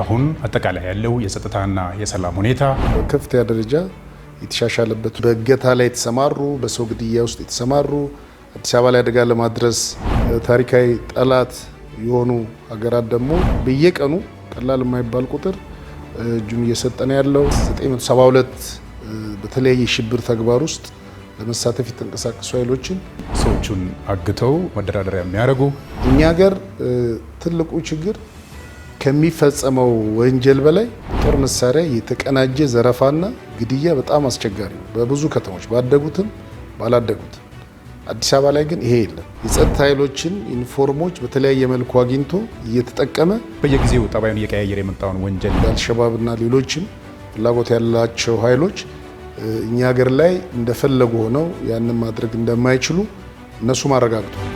አሁን አጠቃላይ ያለው የጸጥታና የሰላም ሁኔታ ከፍተኛ ደረጃ የተሻሻለበት፣ በእገታ ላይ የተሰማሩ፣ በሰው ግድያ ውስጥ የተሰማሩ፣ አዲስ አበባ ላይ አደጋ ለማድረስ ታሪካዊ ጠላት የሆኑ ሀገራት ደግሞ በየቀኑ ቀላል የማይባል ቁጥር እጁን እየሰጠነ ያለው 972 በተለያየ ሽብር ተግባር ውስጥ ለመሳተፍ የተንቀሳቀሱ ኃይሎችን ሰዎቹን አግተው መደራደሪያ የሚያደርጉ እኛ ሀገር ትልቁ ችግር ከሚፈጸመው ወንጀል በላይ ጦር መሳሪያ የተቀናጀ ዘረፋና ግድያ በጣም አስቸጋሪ ነው። በብዙ ከተሞች ባደጉትም ባላደጉትም፣ አዲስ አበባ ላይ ግን ይሄ የለም። የጸጥታ ኃይሎችን ዩኒፎርሞች በተለያየ መልኩ አግኝቶ እየተጠቀመ በየጊዜው ጠባዩን እየቀያየረ የመጣውን ወንጀል አልሸባብና ሌሎችም ፍላጎት ያላቸው ኃይሎች እኛ ሀገር ላይ እንደፈለጉ ሆነው ያንን ማድረግ እንደማይችሉ እነሱ ማረጋግጡ